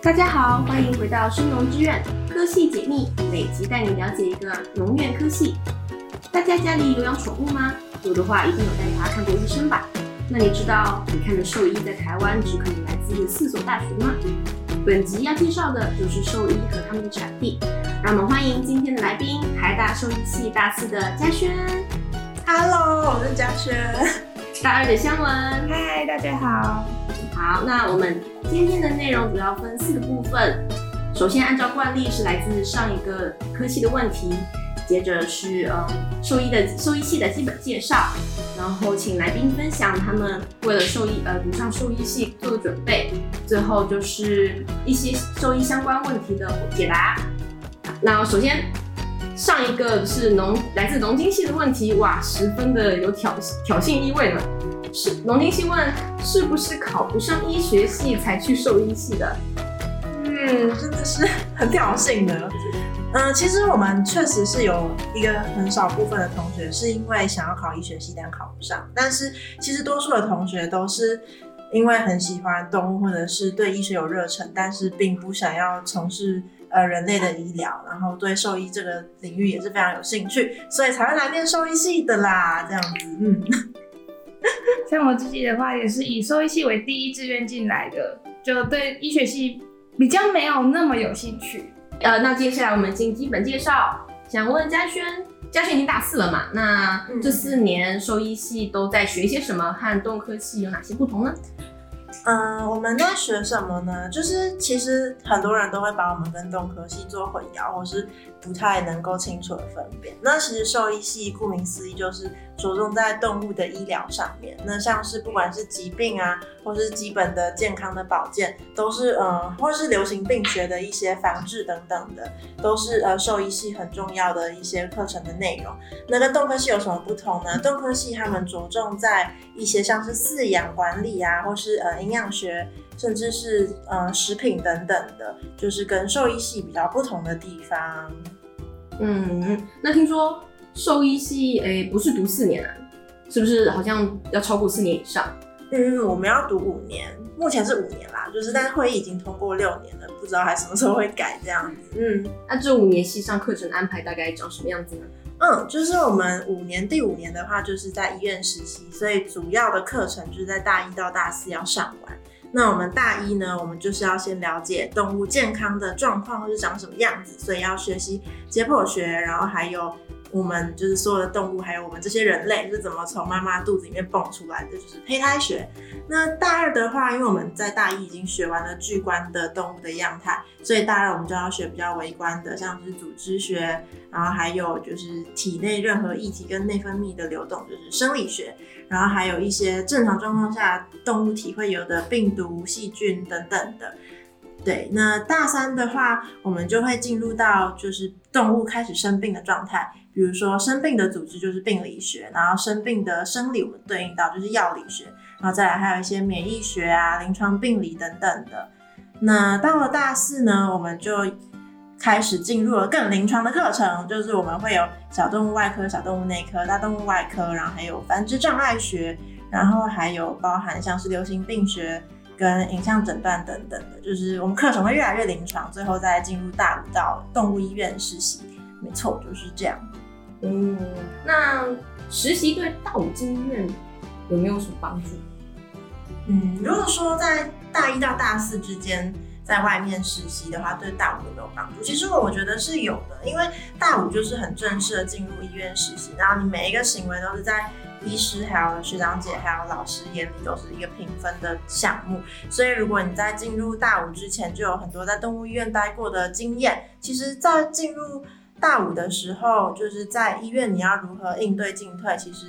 大家好，歡迎回到生農之院。科系解密，每集帶你了解一個農院科系。大家家裡有養寵物嗎？有的話，一定有帶它看過醫生吧？那你知道，你看的獸醫在台灣只可以來自四所大學嗎？本集要介紹的就是獸醫和他們的產地。讓我們歡迎今天的來賓，台大獸醫系大四的嘉軒。Hello，我是嘉軒。大二的香文。嗨，大家好。好，那我們。今天的內容主要分四個部分，首先按照慣例是來自上一個科系的問題，接着是呃獸醫的獸醫系的基本介紹，然後請來賓分享他們為了獸醫呃讀上獸醫系做的準備，最後就是一些獸醫相關問題的解答。那首先上一個是農，來自農經系的問題。哇，十分的有挑挑釁意味了。是農天星問，是不是考不上醫學系才去獸醫系的？嗯，真的是很挑釁的。嗯，其實我們確實是有一個很少部分的同學是因為想要考醫學系但考不上，但是其實多數的同學都是因為很喜歡動物或者是對醫學有熱忱，但是並不想要從事呃人類的醫療，然後對獸醫這個領域也是非常有興趣，所以才會來念獸醫系的啦。這樣子，嗯。像我自己的話，也是以獸醫系為第一志願進來的，就對醫學系比較沒有那麼有興趣。呃，那接下來我們進基本介紹，想問嘉軒，嘉軒已經大四了嘛？那這四年獸醫系都在學些什麼，和動科系有哪些不同呢？嗯，呃、我們在學什麼呢？就是其實很多人都會把我們跟動科系做混淆，或是。不太能夠清楚的分辨。那其實獸醫系顧名思義就是着重在動物的醫療上面。那像是不管是疾病啊，或是基本的健康的保健，都是嗯、呃，或是流行病學的一些防治等等的，都是呃獸醫系很重要的一些課程的內容。那跟動科系有什麼不同呢？動科系他們着重在一些像是飼養管理啊，或是呃營養學。甚至是呃食品等等的，就是跟獸醫系比較不同的地方。嗯，那聽說獸醫系誒、欸，不是讀四年啊，是不是好像要超過四年以上？嗯，嗯，我們要讀五年，目前是五年啦，就是但是會議已經通過六年了，不知道還什麼時候會改這樣。嗯、那、啊、這五年系上課程安排大概長什麼樣子呢？嗯，就是我們五年第五年的話，就是在醫院實習，所以主要的課程就是在大一到大四要上完。那我們大一呢，我們就是要先了解動物健康的狀況，或是長什麼樣子，所以要學習解剖學，然後還有我們就是所有的動物，還有我們這些人類、就是怎麼從媽媽肚子裡面蹦出來的，就是胚胎學。那大二的話，因為我們在大一已經學完了巨觀的動物的樣態，所以大二我們就要學比較微觀的，像是組織學，然後還有就是體內任何液體跟內分泌的流動，就是生理學。然後還有一些正常狀況下動物體會有的病毒、細菌等等的。對，那大三的話，我們就會進入到就是動物開始生病的狀態，比如說生病的組織就是病理學，然後生病的生理我們對應到就是藥理學，然後再來還有一些免疫學啊、臨床病理等等的。那到了大四呢，我們就開始進入了更臨床的課程，就是我們會有小動物外科、小動物內科、大動物外科，然後還有繁殖障礙學，然後還有包含像是流行病學跟影像診斷等等的，就是我們課程會越來越臨床，最後再進入大五到動物醫院實習。沒錯，就是這樣。嗯，那實習對大五進醫院有沒有什麼幫助？嗯，如果說在大一到大四之間。在外面實習的話，對大五有沒有幫助？其實我我覺得是有的，因為大五就是很正式的進入醫院實習，然後你每一個行為都是在醫師、還有學長姐、還有老師眼裡都是一個評分的項目。所以如果你在進入大五之前就有很多在動物醫院待過的經驗，其實，在進入大五的時候，就是在醫院你要如何應對進退，其實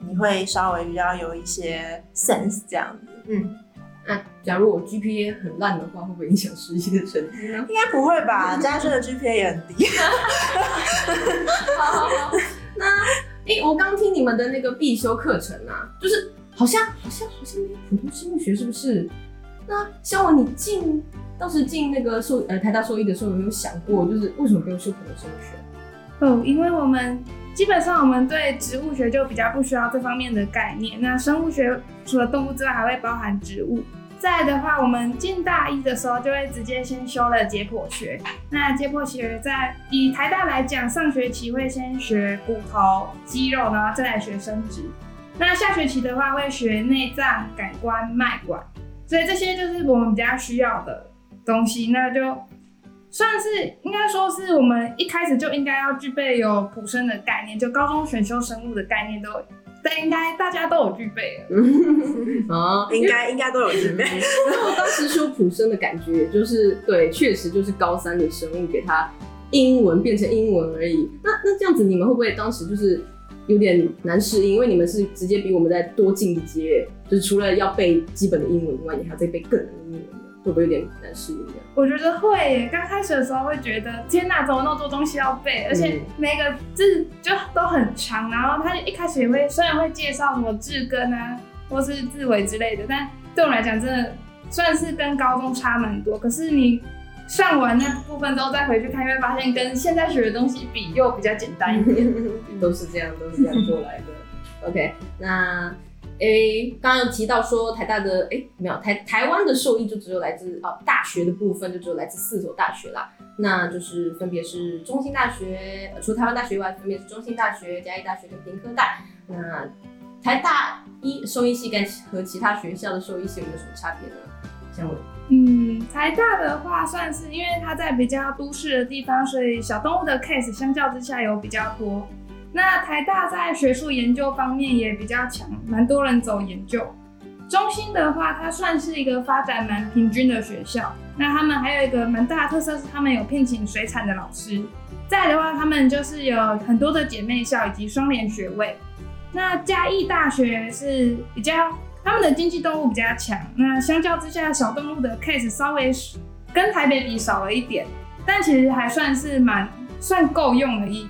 你會稍微比較有一些 sense 這樣子，嗯。那、啊、假如我 GPA 很爛的話，會不會影響實習的成績呢？應該不會吧，嘉 軒的 GPA 也很低。 好，好，好，那哎、欸，我剛聽你們的那個必修課程啊，就是好像好像好像沒有普通生物學，是不是？嗯、那像我，你進當時進那個獸呃台大獸醫的時候，有沒有想過就是為什麼不用修普通生物學？哦，因為我們基本上我們對植物學就比較不需要這方面的概念。那生物學除了動物之外，還會包含植物。再來的話，我們進大一的時候就會直接先修了解剖學。那解剖學在以台大來講，上學期會先學骨頭、肌肉，然後再來學生殖。那下學期的話會學內臟、感官、脈管。所以這些就是我們比較需要的東西。那就算是應該說是我們一開始就應該要具備有普生的概念，就高中選修生物的概念都。應該大家都有具備了、 哦、應該應該都有具備。然 我當時說普生的感覺，也就是對，確實就是高三的生物給他英文變成英文而已。那那這樣子，你們會不會當時就是有點難適應？因為你們是直接比我們再多進一階，就是除了要背基本的英文以外，你還要再背更難的英文。會不會有點難適應這樣？我覺得會，剛開始的時候會覺得天哪、啊，怎麼那麼多東西要背，嗯、而且每個字就都很長。然後他就一開始也會，嗯、雖然會介紹什麼字根啊，或是字尾之類的，但對我來講，真的算是跟高中差蠻多。可是你上完那部分之後再回去看，會發現跟現在學的東西比又比較簡單一點。嗯嗯、都是這樣，都是這樣過來的。 OK，那。誒，剛剛提到說台大的，誒，沒有台台灣的獸醫就只有來自哦大學的部分，就只有來自四所大學啦。那就是分別是中興大學，除台灣大學以外，分別是中興大學、嘉義大學跟屏科大。那台大一獸醫系跟和其他學校的獸醫系有沒有什麼差別呢？像我。嗯，台大的話算是因為它在比較都市的地方，所以小動物的 case 相較之下有比較多。那台大在學術研究方面也比較強，蠻多人走研究。中興的話，它算是一個發展蠻平均的學校。那他們還有一個蠻大的特色是，他們有聘請水產的老師。再的話，他們就是有很多的姐妹校以及雙聯學位。那嘉義大學是比較他們的經濟動物比較強。那相較之下，小動物的 case 稍微跟台北比少了一點，但其實還算是蠻算夠用的一。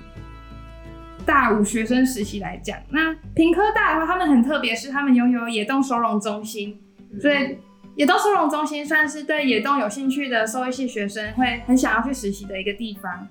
大五學生實習來講，那屏科大的話，他們很特別，是他們擁有野動收容中心，所以野動收容中心算是對野動有興趣的獸醫系學生會很想要去實習的一個地方。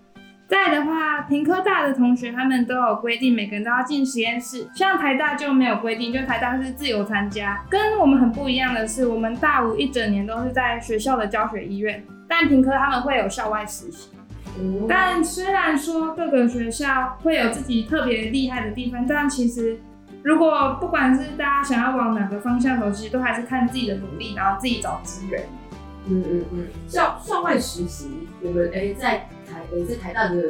再的話，屏科大的同學他們都有規定，每個人都要進實驗室，像台大就沒有規定，就台大是自由參加。跟我們很不一樣的是，我們大五一整年都是在學校的教學醫院，但屏科他們會有校外實習。嗯、但雖然說各個學校會有自己特別厲害的地方，但其實如果不管是大家想要往哪個方向走，其實都還是看自己的努力，然後自己找資源。嗯嗯嗯，校校外實習，我們誒在台、欸，在台大的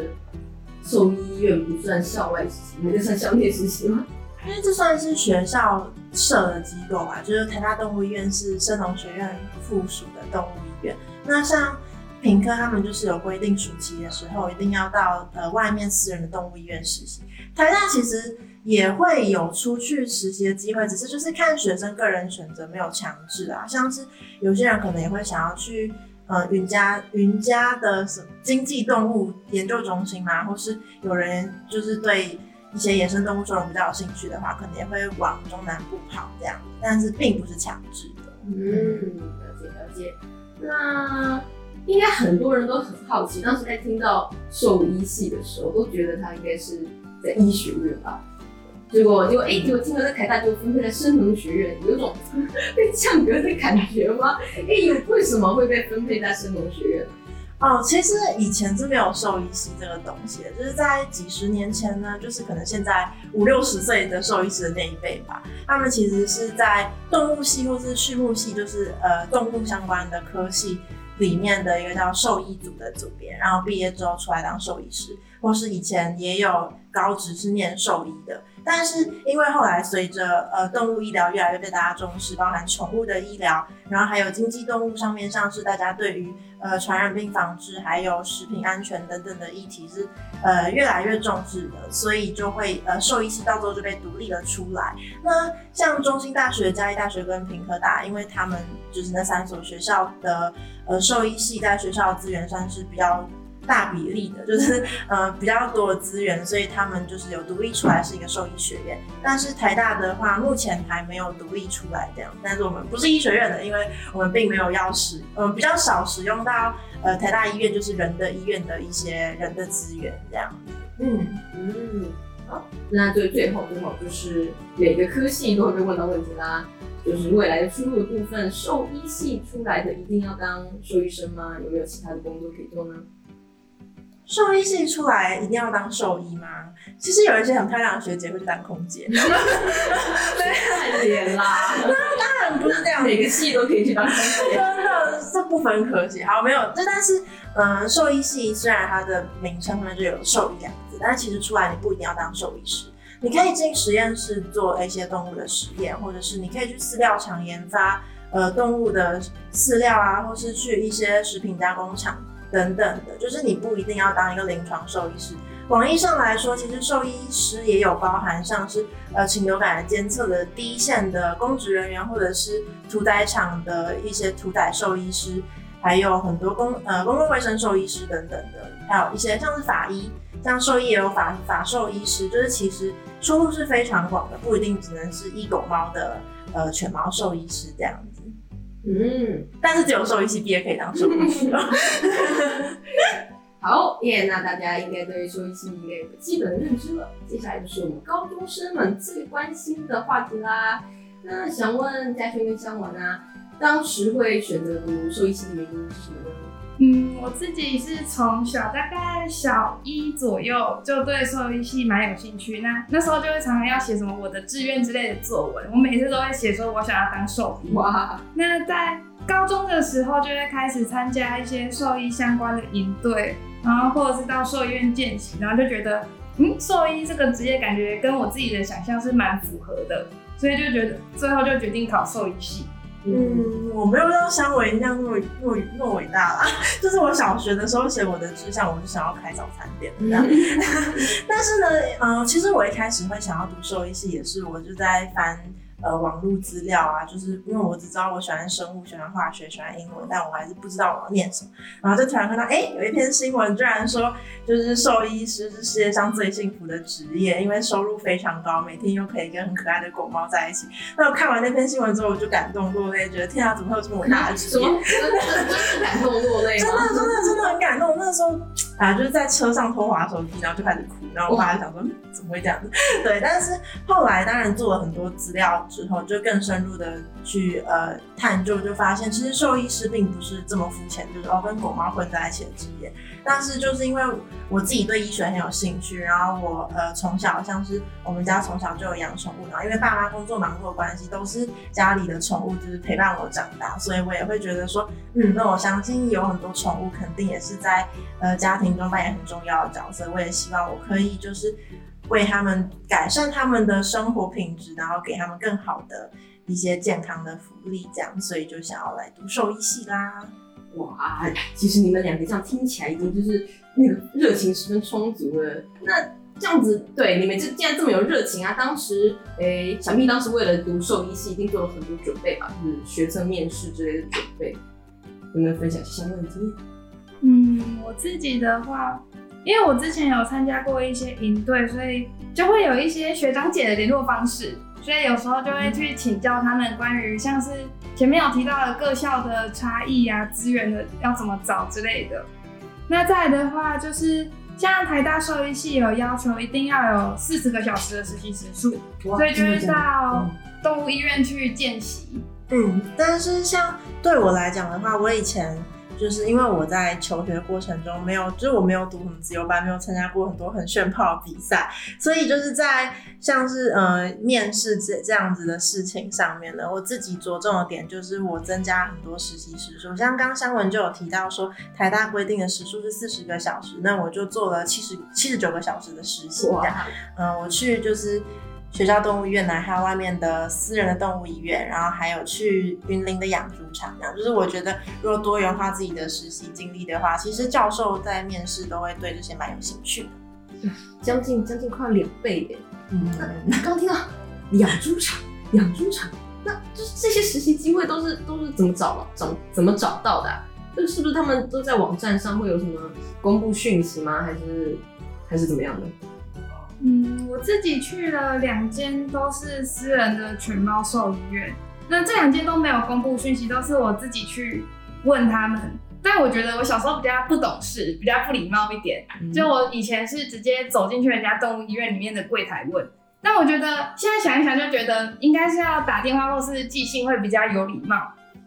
獸醫院不算校外實習，那就算校內實習嗎？因為這算是學校設的機構吧，就是台大動物醫院是生農學院附屬的動物醫院，那像。屏科他們就是有規定，暑期的時候一定要到呃外面私人的動物醫院實習。台大其實也會有出去實習的機會，只是就是看學生個人選擇，沒有強制啊。像是有些人可能也會想要去呃雲家雲家的什麼經濟動物研究中心嘛，或是有人就是對一些野生動物收容比較有興趣的話，可能也會往中南部跑這樣子。但是並不是強制的。嗯，了解了解。那。應該很多人都很好奇，當時在聽到獸醫系的時候，都覺得他應該是在醫學院吧。結果就哎，結果聽到台大，就分配在生農學院，有種被降格的感覺嗎？哎、欸，有為什麼會被分配在生農學院？哦，其實以前是沒有獸醫系這個東西的，就是在幾十年前呢，就是可能現在五六十歲的獸醫師的那一輩吧，他們其實是在動物系或是畜牧系，就是呃動物相關的科系。裡面的一個叫獸醫組的組別，然後畢業之後出來當獸醫師，或是以前也有高職是念獸醫的。但是因為後來隨着呃動物醫療越來越被大家重視，包含寵物的醫療，然後還有經濟動物上面，像是大家對於呃傳染病防治，還有食品安全等等的議題是呃越來越重視的，所以就會呃獸醫系到最後就被獨立了出來。那像中興大學、嘉義大學跟屏科大，因為他們就是那三所學校的呃獸醫系在學校的資源算是比較，大比例的，就是呃比較多資源，所以他們就是有獨立出來是一個獸醫學院。但是台大的話，目前還沒有獨立出來這樣。但是我們不是醫學院的，因為我們並沒有要使，嗯、呃，比較少使用到呃台大醫院，就是人的醫院的一些人的資源這樣。嗯嗯，好，那就最後最後就是每個科系都會被問到問題啦，就是未來的出路的部分，獸醫系出來的一定要當獸醫生嗎？有沒有其他的工作可以做呢？獸醫系出來一定要當獸醫嗎？其實有一些很漂亮的學姐會去當空姐，太甜啦！ 那當然不是這樣，每個系都可以去當空姐， 真的這不分科系。好，沒有，這但是，嗯、呃，獸醫系雖然它的名稱上面就有獸醫兩字，但是其實出來你不一定要當獸醫師，你可以進實驗室做一些動物的實驗，或者是你可以去飼料廠研發呃動物的飼料啊，或是去一些食品加工廠。等等的，就是你不一定要當一個臨床獸醫師。廣義上來說，其實獸醫師也有包含，像是呃禽流感監測的第一線的公職人員，或者是屠宰場的一些屠宰獸醫師，還有很多公呃公共衛生獸醫師等等的，還有一些像是法醫，像獸醫也有法法獸醫師，就是其實出路是非常廣的，不一定只能是醫狗貓的呃犬貓獸醫師這樣子。嗯，但是只有獸醫系畢業可以當獸醫師哦。嗯、 好耶，yeah, 那大家應該對獸醫系應該有個基本的認知了。接下來就是我們高中生們最關心的話題啦。那想問嘉軒跟香文啊，當時會選擇讀獸醫系的原因是什麼呢？嗯，我自己是從小大概小一左右就對獸醫系蠻有興趣。那那時候就會常常要寫什麼我的志願之類的作文，我每次都會寫說我想要當獸醫。哇，那在高中的時候就會開始參加一些獸醫相關的營隊，然後或者是到獸醫院見習，然後就覺得嗯，獸醫這個職業感覺跟我自己的想象是蠻符合的，所以就覺得最後就決定考獸醫系。嗯，嗯，我沒有像香維那樣那麼那麼那麼偉大啦。就是我小學的時候寫我的志向，我就想要開早餐店的。嗯、 但是呢，嗯、呃，其實我一開始會想要讀獸醫系，也是我就在翻。呃，網路資料啊，就是因為我只知道我喜歡生物、喜歡化學、喜歡英文，但我還是不知道我要念什麼。然後就突然看到，哎、欸，有一篇新聞，居然說就是獸醫師是世界上最幸福的職業，因為收入非常高，每天又可以跟很可愛的狗貓在一起。那我看完那篇新聞之後，我就感動落淚，覺得天啊，怎麼會有這麼偉大的職業？感動落淚，真的真的真的很感動。那時候。啊，就是在車上偷滑手機，然後就開始哭，然後我爸就想說，哦，怎麼會這樣子？對，但是後來當然做了很多資料之後，就更深入的去呃探究，就發現其實獸醫師並不是這麼膚淺，就是哦，跟狗貓混在一起的職業。但是就是因為我自己對醫學很有興趣，然後我呃從小，像是我們家從小就有養寵物，然後因為爸媽工作忙碌的關係，都是家裡的寵物就是陪伴我長大，所以我也會覺得說，嗯，那我相信有很多寵物肯定也是在呃家庭中扮演很重要的角色。我也希望我可以就是為他們改善他們的生活品質，然後給他們更好的一些健康的福利，這樣，所以就想要來讀獸醫系啦。哇，其實你們兩個這樣聽起來已經就是那個熱情十分充足了。那這樣子，對你們這既然這麼有熱情啊，當時，哎、欸，小蜜當時為了讀獸醫系，已經做了很多準備吧，就是學測面試之類的準備。有沒有分享一下相關經驗？嗯，我自己的話，因為我之前有參加過一些營隊，所以就會有一些學長姐的聯絡方式。所以有時候就會去請教他們關於像是前面有提到的各校的差異呀、啊、資源的要怎麼找之類的。那再來的話就是，像台大獸醫系有要求一定要有四十個小時的實習時數，所以就會到動物醫院去見習。嗯，但是像對我來講的話，我以前。就是因為我在求學過程中沒有，就是我沒有讀什麼自由班，沒有參加過很多很炫炮的比賽，所以就是在像是呃面試這這樣子的事情上面呢，我自己着重的點就是我增加很多實習時數。像剛剛香文就有提到說，臺大規定的時數是四十個小時，那我就做了七十七十九個小時的實習這樣。嗯、wow. 呃，我去就是。學校動物醫院呢，還有外面的私人的動物醫院，然後還有去雲林的養豬場，就是我覺得如果多元化自己的實習經歷的話，其實教授在面試都會對這些蠻有興趣的。將近將近快兩倍耶。嗯，剛、嗯、聽到養豬場，養豬場，那就是這些實習機會都是都是怎麼找了怎麼怎麼找到的啊？就是不是他們都在網站上會有什麼公布訊息嗎？還是還是怎麼樣的？嗯，我自己去了兩間，都是私人的犬貓獸醫院。那這兩間都沒有公布訊息，都是我自己去問他們。但我覺得我小時候比較不懂事，比較不禮貌一點。就我以前是直接走進去人家動物醫院裡面的櫃台問。但我覺得現在想一想，就覺得應該是要打電話或是寄信會比較有禮貌。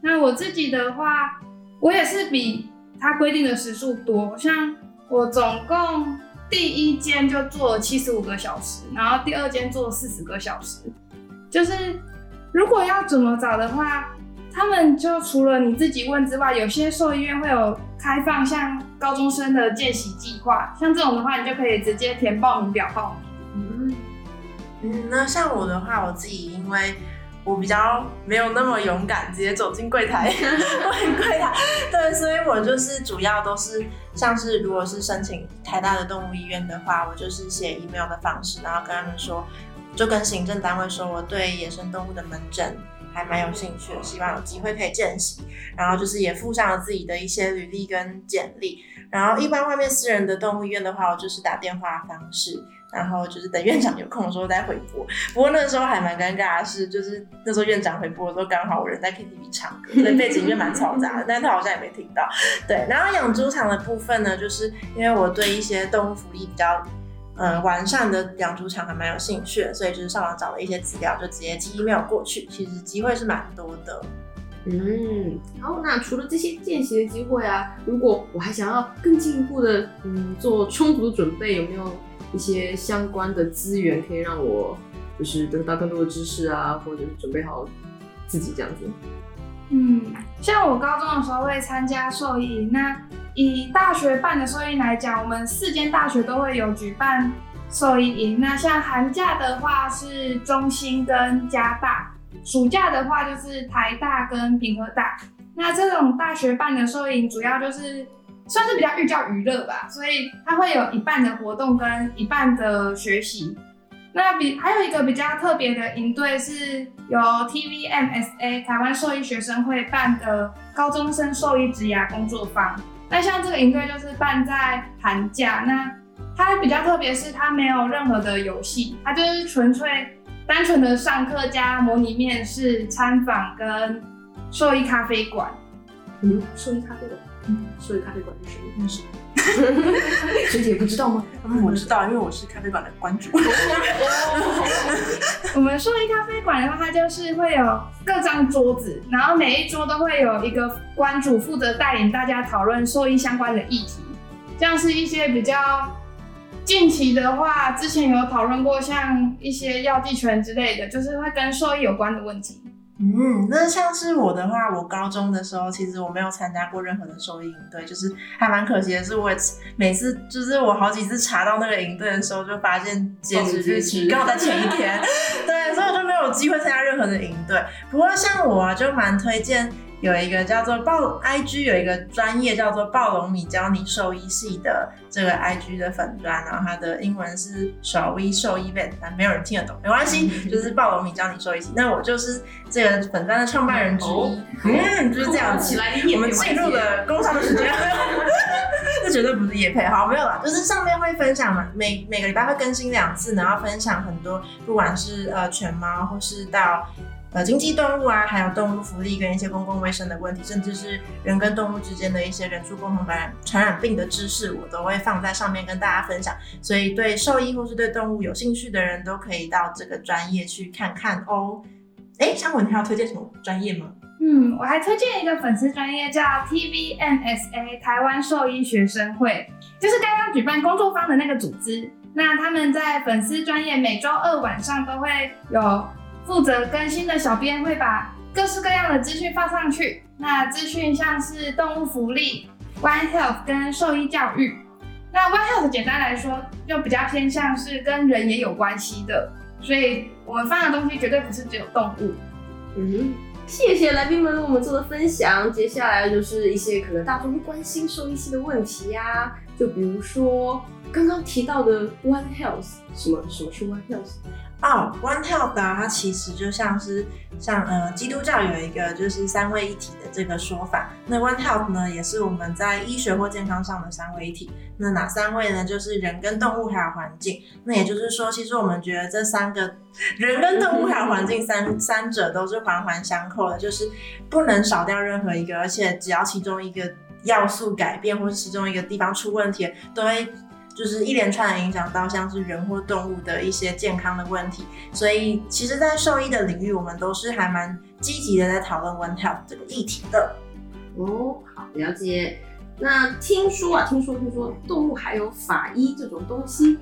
那我自己的話，我也是比他規定的時數多，像我總共。第一間就做七十五個小時，然後第二間做四十個小時。就是如果要怎麼找的話，他們就除了你自己問之外，有些獸醫院會有開放像高中生的見習計劃，像這種的話，你就可以直接填報名表報名。嗯，嗯，那像我的話，我自己因為。我比較沒有那麼勇敢，直接走進櫃檯，呵呵，我很櫃檯。對，所以我就是主要都是像是如果是申請台大的動物醫院的話，我就是寫 email 的方式，然後跟他們說，就跟行政單位說我對野生動物的門診還蠻有興趣，希望有機會可以見習。然後就是也附上了自己的一些履歷跟簡歷。然後一般外面私人的動物醫院的話，我就是打電話方式。然後就是等院長有空的時候再回撥。不過那時候還蠻尷尬的是，就是那時候院長回撥的時候剛好我人在 KTV 唱歌，所以背景音蠻嘈雜的，但他好像也沒聽到。對，然後養豬場的部分呢，就是因為我對一些動物福利比較嗯、呃、完善的養豬場還蠻有興趣的，所以就是上網找了一些資料，就直接寄 email 過去，其實機會是蠻多的。嗯，然後那除了這些見習的機會啊，如果我還想要更進一步的，嗯，做充足的準備，有沒有一些相關的資源可以讓我，就是得到更多的知識啊，或者準備好自己這樣子？嗯，像我高中的時候會參加獸醫營，那以大學辦的獸醫營來講，我們四間大學都會有舉辦獸醫營，那像寒假的話是中興跟加大。暑假的話，就是台大跟屏科大。那這種大學辦的獸醫營，主要就是算是比較寓教於樂吧，所以它會有一半的活動跟一半的學習。那比還有一個比較特別的營隊，是由 TVMSA 台灣獸醫學生會辦的高中生獸醫職涯工作坊。那像這個營隊就是辦在寒假，那它比較特別是它沒有任何的遊戲，它就是純粹。單純的上課加模擬面試、參訪跟獸醫咖啡館。嗯，獸醫咖啡館，嗯，獸醫咖啡館是什麼？學姐 不知道嗎？知道嗯、我知道，因為我是咖啡館的館主。 我們獸醫咖啡館的話，它就是會有各張桌子，然後每一桌都會有一個館主負責帶領大家討論獸醫相關的議題，像是一些比較。近期的話，之前有討論過像一些藥劑權之類的，就是會跟獸醫有關的問題。嗯，那像是我的話，我高中的時候其實我沒有參加過任何的獸醫營隊，就是還蠻可惜的是我，我每次就是我好幾次查到那個營隊的時候，就發現截止日期剛好在前一天， 對，所以我就沒有機會參加任何的營隊。不過像我啊，就蠻推薦。有一個叫做暴 IG，有一個專業叫做暴龍米教你獸醫系的這個 IG 的粉專，然後它的英文是 shall we show yee vet，但沒有人聽得懂，沒關係，就是暴龍米教你獸醫系。那我就是這個粉專的創辦人之一、哦嗯，嗯，就是這樣。起來我們進入了工商的時間。這 絕對不是業配。好沒有啦，就是上面會分享嘛，每每個禮拜會更新兩次，然後分享很多，不管是呃犬貓，或是到。呃，經濟動物啊，還有動物福利跟一些公共衛生的問題，甚至是人跟動物之間的一些人畜共同感染、傳染病的知識，我都會放在上面跟大家分享。所以，對獸醫或是對動物有興趣的人都可以到這個專業去看看哦。哎、欸，湘文，你要推薦什麼專業嗎？嗯，我還推薦一個粉絲專業叫 TVMSA 台灣獸醫學生會，就是剛剛舉辦工作坊的那個組織。那他們在粉絲專業每週二晚上都會有。負責更新的小編會把各式各樣的資訊放上去。那資訊像是動物福利、One Health 跟獸醫教育。那 One Health 簡單來說，就比較偏向是跟人也有關係的，所以我們放的東西絕對不是只有動物。嗯，謝謝來賓們為我們做的分享。接下來就是一些可能大眾會關心獸醫系的問題呀、啊，就比如說剛剛提到的 One Health，什麼什麼是 One Health？哦，One Health 啊，它其實就像是像呃基督教有一個就是三位一體的這個說法。那 One Health 呢，也是我們在醫學或健康上的三位一體。那哪三位呢？就是人跟動物還有環境。那也就是說，其實我們覺得這三個人跟動物還有環境三三者都是環環相扣的，就是不能少掉任何一個。而且只要其中一個要素改變，或是其中一個地方出問題，都會就是一連串的影響到像是人或動物的一些健康的問題，所以其實，在獸醫的領域，我們都是還蠻積極的在討論 One Health 這個議題的。哦，好了解。那聽說啊，聽說聽說，動物還有法醫這種東西。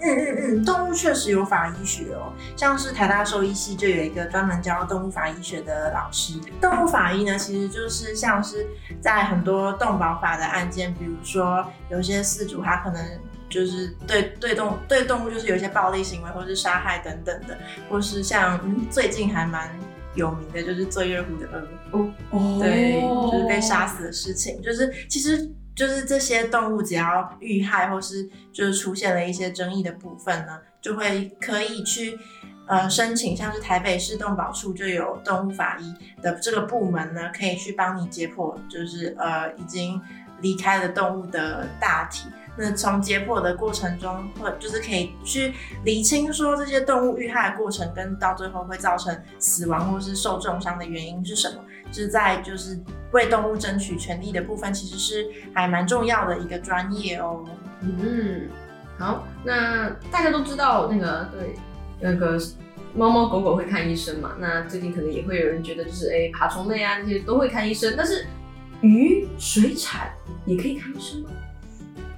嗯嗯嗯，動物確實有法醫學哦，像是台大獸醫系就有一個專門教動物法醫學的老師。動物法醫呢，其實就是像是在很多動保法的案件，比如說有些飼主他可能就是對對動對動物就是有些暴力行為或是殺害等等的，或是像最近還蠻有名的就是醉月湖的鵝，哦，對，就是被殺死的事情，就是其實。就是這些動物只要遇害或是就是出現了一些爭議的部分呢，就會可以去呃申請，像是台北市動保處就有動物法醫的這個部門呢，可以去幫你解剖，就是呃已經離開了動物的大體。那從解剖的過程中，或就是可以去理清說這些動物遇害的過程跟到最後會造成死亡或是受重傷的原因是什麼。是在就是為動物爭取權利的部分，其實是還蠻重要的一個專業哦。嗯，好，那大家都知道那個對那個貓貓狗狗狗會看醫生嘛？那最近可能也會有人覺得就是哎、欸，爬蟲類啊這些都會看醫生，但是魚水產也可以看醫生嗎？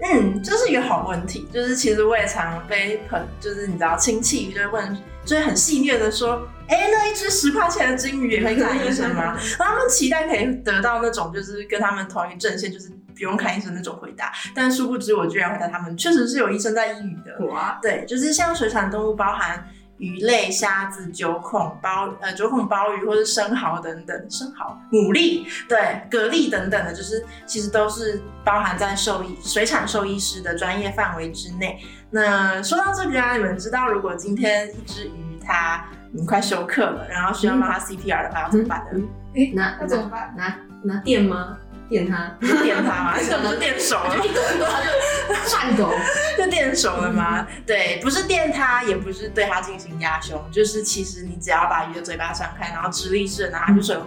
嗯，這、就是一個好問題。就是其實我也常被很就是你知道親戚就是問，就是很戲謔的說。哎、欸，那一只十塊錢的金魚也可以看醫生嗎？ 他們期待可以得到那種，就是跟他們同一陣線，就是不用看醫生那種回答。但殊不知，我居然回答他們，確實是有醫生在醫魚的哇。對，就是像水產動物，包含魚類、蝦子、九孔鮑、呃九孔鮑魚或者生蠔等等，生蠔、牡蠣、對，蛤蜊等等的，就是其實都是包含在獸醫水產獸醫師的專業範圍之內。那說到這個啊，你們知道，如果今天一只魚它。你快休克了，然後需要幫他 C P R 的，還、嗯嗯嗯欸、要怎麼辦呢？拿，那怎麼辦？拿，拿電嗎？電他，電他嗎？ 是不是電手嗎？一抖一就顫抖，就電手了嗎、嗯？對，不是電它，也不是對它進行壓胸、嗯，就是其實你只要把魚的嘴巴張開，然後直立式，然後就是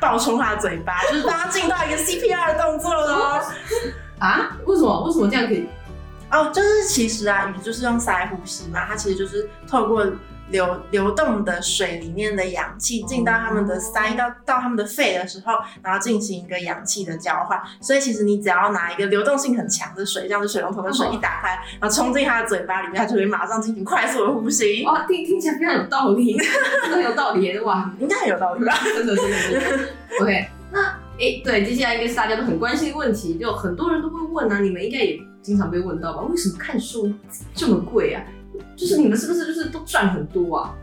爆衝它的嘴巴，就是剛剛進到一個 C P R 的動作了哦、啊。啊？為什麼？為什麼這樣可以？哦，就是其實啊，魚就是用鰓呼吸嘛，它其實就是透過。流流動的水裡面的氧氣，進到他們的鰓，到到他們的肺的時候，然後進行一個氧氣的交換。所以其實你只要拿一個流動性很強的水，這樣子水龍頭的水一打開，然後沖進他的嘴巴裡面，他就會馬上進行快速的呼吸。哇，聽聽起來非常有道理， 真的很有道理、欸，哇，應該很有道理吧，真的真的真的。OK，那哎、欸，對，接下來應該是大家都很關心的問題，就很多人都會問啊，你們應該也經常被問到吧？為什麼看獸醫這麼貴啊？就是你們是不是就是都賺很多啊？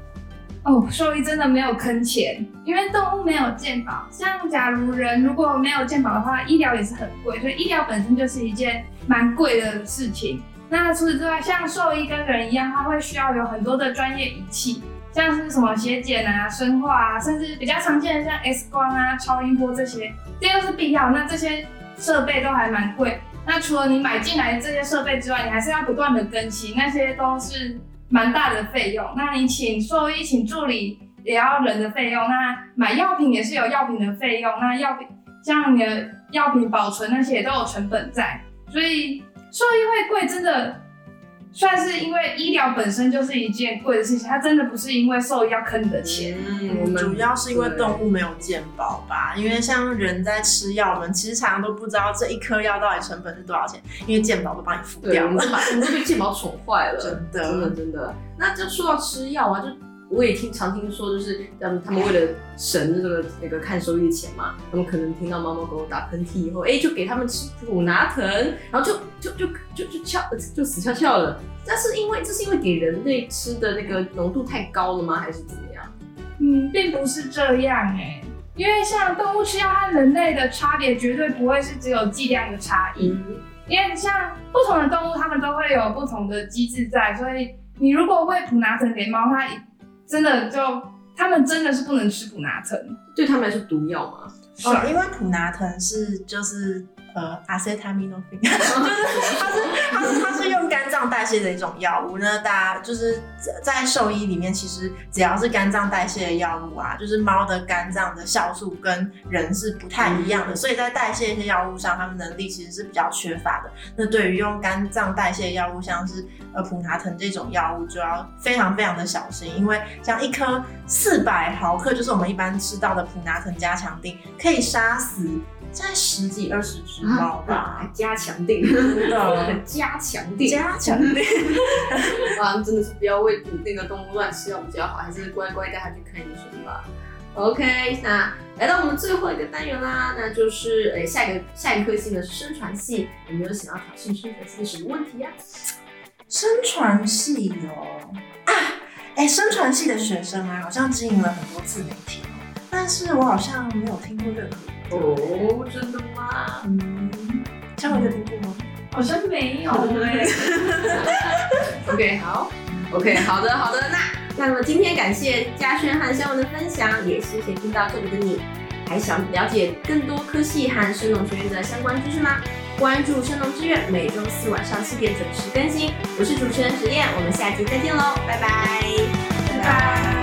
哦，獸醫真的沒有坑錢，因為動物沒有健保。像假如人如果沒有健保的話，醫療也是很貴，所以醫療本身就是一件蠻貴的事情。那除此之外，像獸醫跟人一樣，它會需要有很多的專業儀器，像是什麼血檢啊、生化啊，甚至比較常見的像 X 光啊、超音波這些，這些都是必要。那這些設備都還蠻貴。那除了你買進來的這些設備之外，你還是要不斷的更新，那些都是。蠻大的費用，那你請獸醫、請助理也要人的費用，那買藥品也是有藥品的費用，那藥品，像你的藥品保存那些也都有成本在，所以獸醫會貴，真的。算是因為醫療本身就是一件貴的事情，它真的不是因為獸醫要坑你的錢，我、嗯、們、嗯、主要是因為動物沒有健保吧？因為像人在吃藥，我們其實常常都不知道這一顆藥到底成本是多少錢，因為健保都幫你付掉了，我都被健保寵壞了， 真的真的真的。那就說到吃藥啊，就。我也聽常聽說，就是讓他們為了省這個那個看獸醫的錢嘛，他們可能聽到貓貓狗狗打噴嚏以後，哎、欸，就給他們吃普拿疼，然後就就就就就，就，就翹，就死翹翹了。但是因為這是因為給人類吃的那個濃度太高了嗎，還是怎麼樣？嗯，並不是這樣哎、欸，因為像動物吃藥和人類的差別絕對不會是只有劑量的差異、嗯，因為像不同的動物它們都會有不同的機制在，所以你如果餵普拿疼給貓，它。真的就他們真的是不能吃普拿疼，對他們來說毒藥嗎？是、嗯、因為普拿疼是就是。呃，acetaminophen 就是它是它是它是用肝臟代謝的一種藥物，那大家就是在獸醫裡面，其實只要是肝臟代謝的藥物啊，就是貓的肝臟的酵素跟人是不太一樣的，嗯、所以在代謝一些藥物上，它們能力其實是比較缺乏的。那對於用肝臟代謝的藥物，像是呃普拿疼這種藥物，就要非常非常的小心，因為像一顆四百毫克，就是我們一般吃到的普拿疼加強錠，可以殺死。在十幾、二十隻貓吧，啊、吧加強定、嗯、定，加強定，加強定。哇，真的是不要餵那個動物亂吃藥比較好，還是乖乖帶他去看醫生吧。OK，那來到我們最後一個單元啦，那就是哎、欸、下一個下一個科系呢是生傳系，有沒有想要挑釁生傳系的什麼問題呀、啊？生傳系哦啊，哎生傳系的學生啊，好像經營了很多自媒體哦，但是我好像沒有聽過任何。哦、oh，真的嗎？嗯，姜文在聽過嗎？好像沒有嘞。 OK，好。OK，好的，好的。那那麼今天感謝嘉軒和姜文的分享，也謝謝聽到這裡的你。還想了解更多科系和生農學院的相關知識嗎？關注聲農之遠，每周四晚上七點準時更新。我是主持人實驗，我們下期再見嘍，拜拜。拜。Bye bye